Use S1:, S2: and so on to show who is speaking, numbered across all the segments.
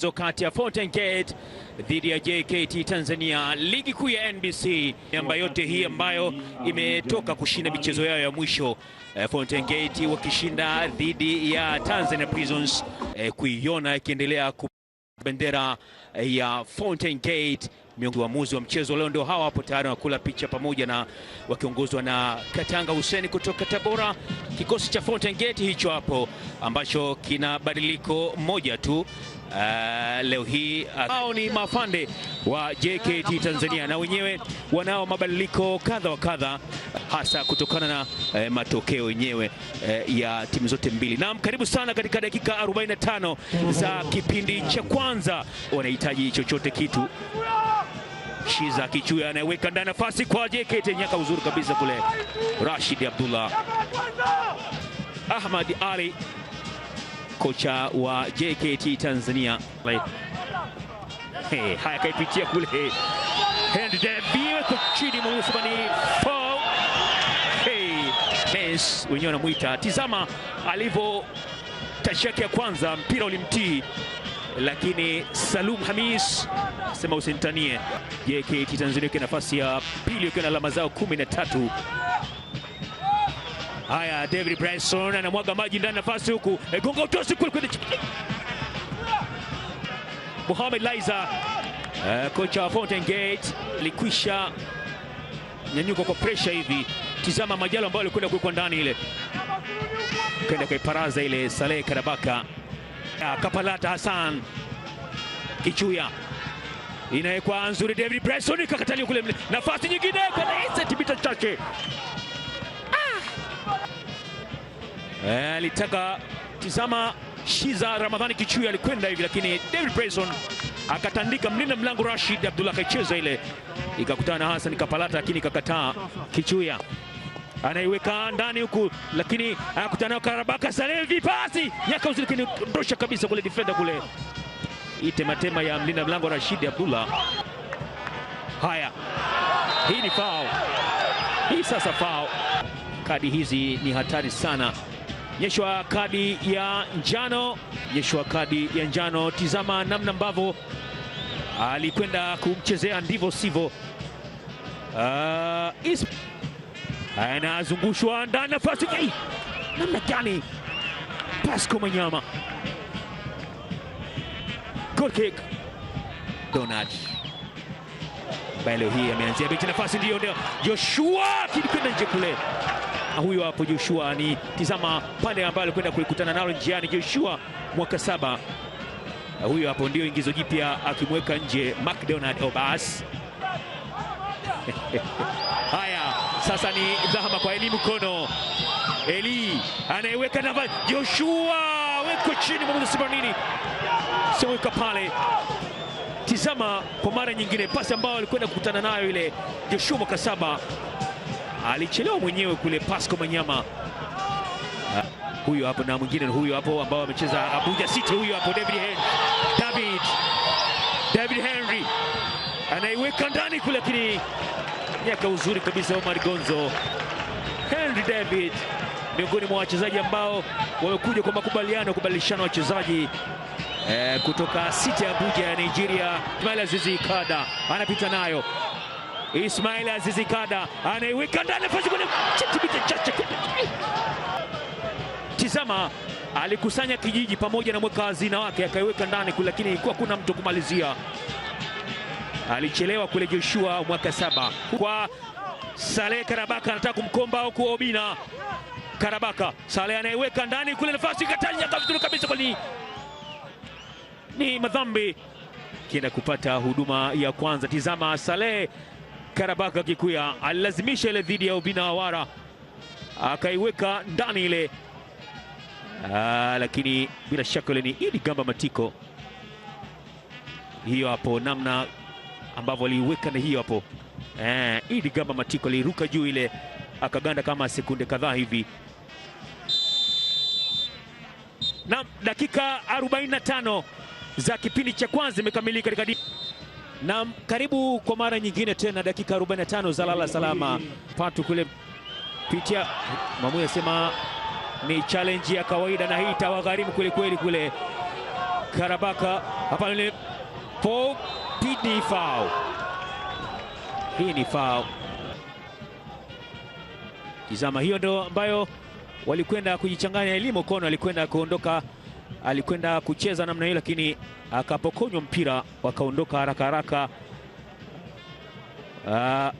S1: zo kati ya Fountain Gate dhidi ya JKT Tanzania, ligi kuu ya NBC, ambayo yote hii ambayo imetoka kushinda michezo yao ya mwisho. Eh, Fountain Gate wakishinda dhidi ya Tanzania Prisons, eh, kuiona ikiendelea kubendera eh, ya Fountain Gate. Miongoni waamuzi wa mchezo leo ndio hawa hapo tayari wanakula picha pamoja na wakiongozwa na Katanga Hussein kutoka Tabora. Kikosi cha Fountain Gate hicho hapo ambacho kina badiliko moja tu Uh, leo hii uh, hao ni mafande wa JKT Tanzania na wenyewe wanao mabadiliko kadha wa kadha, hasa kutokana na eh, matokeo yenyewe eh, ya timu zote mbili. Naam, karibu sana katika dakika 45 za kipindi cha kwanza, wanahitaji chochote kitu. Shiza Kichuya anayeweka ndani nafasi kwa JKT, nyaka uzuri kabisa kule Rashid Abdullah Ahmad Ali kocha wa JKT Tanzania. Hey, haya kaipitia kule hand debut kwa chini Muthmani Hey, wenyewe anamuita, tizama alivyo tashi yake ya kwanza, mpira ulimtii lakini Salum Hamis sema usintanie JKT Tanzania ikiwa nafasi ya pili ikiwa na alama zao kumi na tatu. Haya, David Bryson anamwaga maji ndani nafasi huku egonga eh, utosi tosi kweli kweli. Mohamed Laizer e, kocha wa Fountain Gate alikwisha nyanyuka kwa pressure hivi. Tizama Majalo ambayo alikwenda kuwekwa ndani ile, kenda kaiparaza ile. Saleh Karabaka ah, Kapalata Hassan Kichuya inawekwa nzuri, David Bryson kakataliwa kule, nafasi nyingine kwa Tibita Chache Eh, alitaka e, tizama Shiza Ramadhani Kichui alikwenda hivi, lakini David Brayson akatandika mlinda mlango Rashid Abdullah, akaicheza ile ikakutana na Hassan Kapalata, lakini ikakataa. Kichuya anaiweka ndani huku, lakini akakutana na Karabaka Saleh, vipasi yakauzi, lakini ndosha kabisa kule defender kule, ite matema ya mlinda mlango Rashid Abdullah. Haya, hii ni foul, hii sasa foul. Kadi hizi ni hatari sana nyeshwa kadi ya njano, nyeshwa kadi ya njano. Tizama namna ambavyo alikwenda kumchezea ndivyo sivyo. Uh, anazungushwa ndani, nafasi namna gani! Pasco Manyama, goal kick. Donat ambaye leo hii ameanzia benchi, nafasi ndiyo, ndio Joshua kilikwenda nje kule huyo hapo Joshua, ni tizama pande ambayo alikwenda kulikutana nalo njiani. Joshua mwaka saba, huyo hapo ndio ingizo jipya, akimweka nje McDonald Obas. Haya, sasa ni dhahama kwa Eli Mkono. Eli anaiweka namba, Joshua weko chini, mwamuzi Sibanini siweka pale. Tizama kwa mara nyingine, pasi ambayo alikwenda kukutana nayo ile Joshua mwaka saba alichelewa mwenyewe kule Pasco Manyama. Uh, hapo na mwingine huyo hapo ambao amecheza Abuja City, huyo hapo David Henry. David, David Henry anaiweka ndani kule, lakini nyaka uzuri kabisa Omar Gonzo. Henry David miongoni mwa wachezaji ambao wamekuja kwa makubaliano kubadilishana wachezaji eh, kutoka City Abuja ya Nigeria. Ismail Azizi Kada anapita nayo Ismail kada anaiweka ndani chache. Tizama, alikusanya kijiji pamoja na mweka hazina wake akaiweka ndani, lakini ilikuwa kuna mtu kumalizia. Alichelewa kule Joshua mwaka saba kwa Saleh Karabaka, anataka kumkomba au Obina Karabaka. Saleh anaiweka ndani kule, nafasi kataliakavizuri kabisa, kwani ni madhambi kienda kupata huduma ya kwanza. Tizama Saleh Karabaka Kikuya alilazimisha ile dhidi ya Obina Awara, akaiweka ndani ile. Aa, ah, lakini bila shaka ile ni Idi Gamba Matiko. Hiyo hapo namna ambavyo aliiweka na hiyo hapo eh, Idi Gamba Matiko aliruka juu ile akaganda kama sekunde kadhaa hivi na dakika 45 za kipindi cha kwanza imekamilika katika na karibu kwa mara nyingine tena, dakika 45 za lala salama. Patu kule pitia mamu yasema ni challenge ya kawaida na hii itawagharimu kweli kweli. Kule Karabaka hapa ni foul, pidi foul, hii ni foul. Tizama, hiyo ndo ambayo walikwenda kujichanganya elimu, kono alikwenda kuondoka alikwenda kucheza namna hiyo, lakini akapokonywa mpira, wakaondoka haraka haraka. Uh,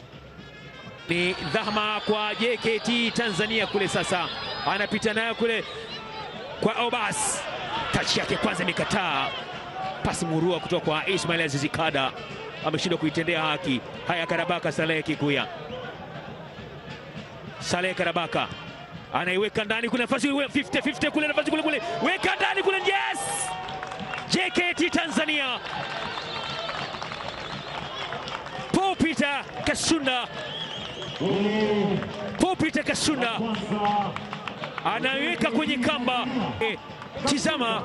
S1: ni dhahma kwa JKT Tanzania kule, sasa anapita nayo kule kwa Obas, tachi yake kwanza imekataa pasi murua kutoka kwa Ismail azizikada ameshindwa kuitendea haki. Haya, Karabaka Salehe Kikuya, Salehe Karabaka anaiweka ndani kule, nafasi 50 50 kule, nafasi kule kule, weka ndani kule, yes! JKT Tanzania Paul Peter Kasunda, Paul Peter Kasunda anaiweka kwenye kamba. Eh, tizama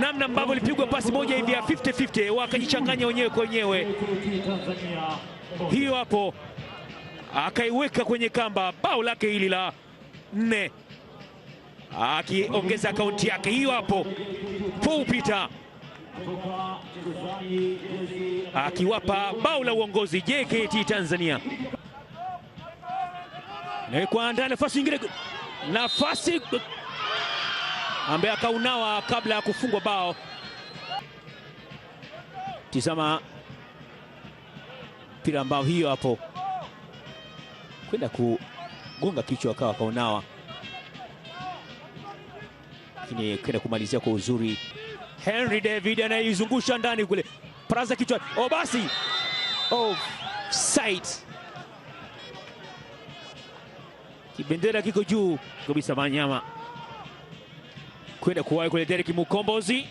S1: namna ambavyo ilipigwa pasi moja hivi ya 50 50, wakajichanganya wenyewe kwa wenyewe. Hiyo hapo akaiweka kwenye kamba, bao lake hili la nne akiongeza akaunti yake hiyo hapo Paul Peter akiwapa bao la uongozi JKT Tanzania. Nawekwa ndani nafasi nyingine, nafasi ambaye akaunawa kabla ya kufungwa bao. Tizama mpira ambao hiyo hapo kwenda ku gonga kichwa akawa kaonawa, lakini kwenda kumalizia kwa uzuri. Henry David anayeizungusha ndani kule, praza kichwa, oh basi, offside. Oh, Kibendera kiko juu kabisa, Manyama kwenda kuwahi kule. Derek Mukombozi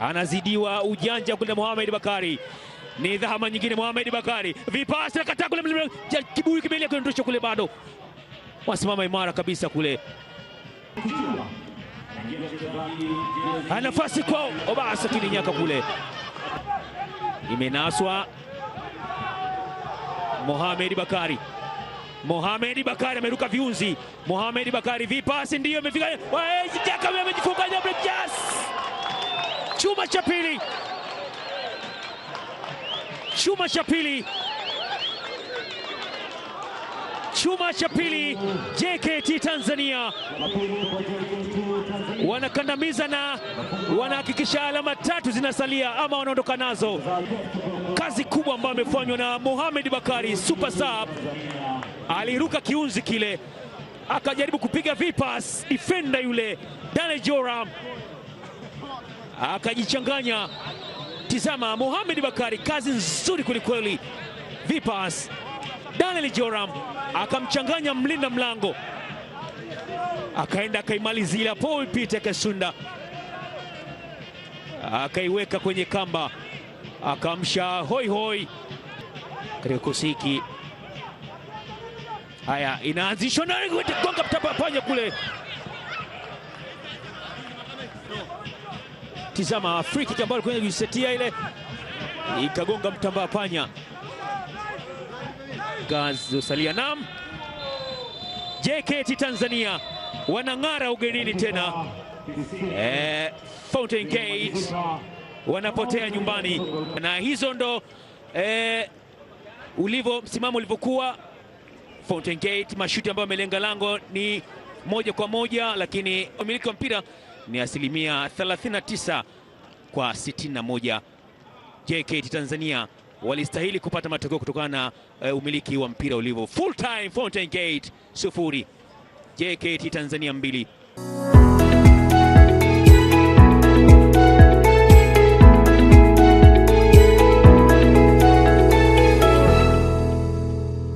S1: anazidiwa ujanja kule, Mohamed Bakari ni dhama nyingine. Mohamed Bakari vipasi na kule, kibuyu kimelia kudondosha kule, bado wasimama imara kabisa kule, nafasi kwa Obasa kilinyaka kule, imenaswa Mohamed Bakari. Mohamed Bakari ameruka viunzi. Mohamed Bakari vipasi ndiyo imefika, amejifunga chuma cha pili chuma cha pili, chuma cha pili. JKT Tanzania wanakandamiza na wanahakikisha alama tatu zinasalia ama wanaondoka nazo. Kazi kubwa ambayo amefanywa na Mohamed Bakari Super Sub, aliruka kiunzi kile akajaribu kupiga vipas defender yule dale Joram akajichanganya Tizama Mohamed Bakari, kazi nzuri kwelikweli, vipas Daniel Joram akamchanganya mlinda mlango, akaenda akaimalizia Paul Peter Kasunda, akaiweka kwenye kamba, akamsha hoihoi katika kikosi hiki. Haya, inaanzishwa na gonga kule Tizama free kick ambayo alikuwa kujisetia ile ikagonga mtambaa panya. usalia nam JKT Tanzania wanang'ara ugenini tena eh, Fountain Gate wanapotea nyumbani, na hizo ndo eh, ulivyo msimamo ulivyokuwa Fountain Gate. Mashuti ambayo amelenga lango ni moja kwa moja, lakini wamiliki wa mpira ni asilimia 39 kwa 61. JKT Tanzania walistahili kupata matokeo kutokana na uh, umiliki wa mpira ulivyo. Full time Fountain Gate sufuri JKT Tanzania mbili.